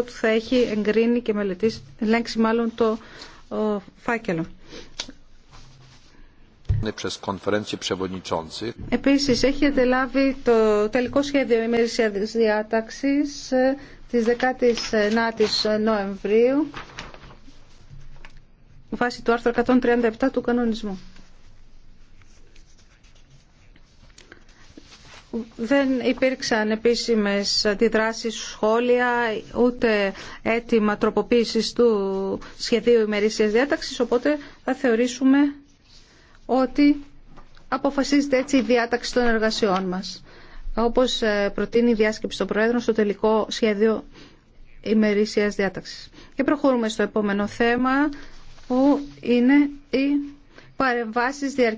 που θα έχει εγκρίνει και μελετήσει, ελέγξει μάλλον το φάκελο. Ναι, Επίσης, έχει εντελάβει το τελικό σχέδιο ημερησίας διάταξης ε, της 19ης Νοεμβρίου βάσει του άρθρου 137 του κανονισμού. Δεν υπήρξαν επίσημες αντιδράσεις, σχόλια, ούτε έτοιμα τροποποίησης του σχεδίου ημερήσιας διάταξης, οπότε θα θεωρήσουμε ότι αποφασίζεται έτσι η διάταξη των εργασιών μας. Όπως ε, προτείνει η διάσκεψη των Προέδρων στο τελικό σχέδιο ημερήσιας διάταξης. Και προχωρούμε στο επόμενο θέμα που είναι οι παρεμβάσεις διαρκείας.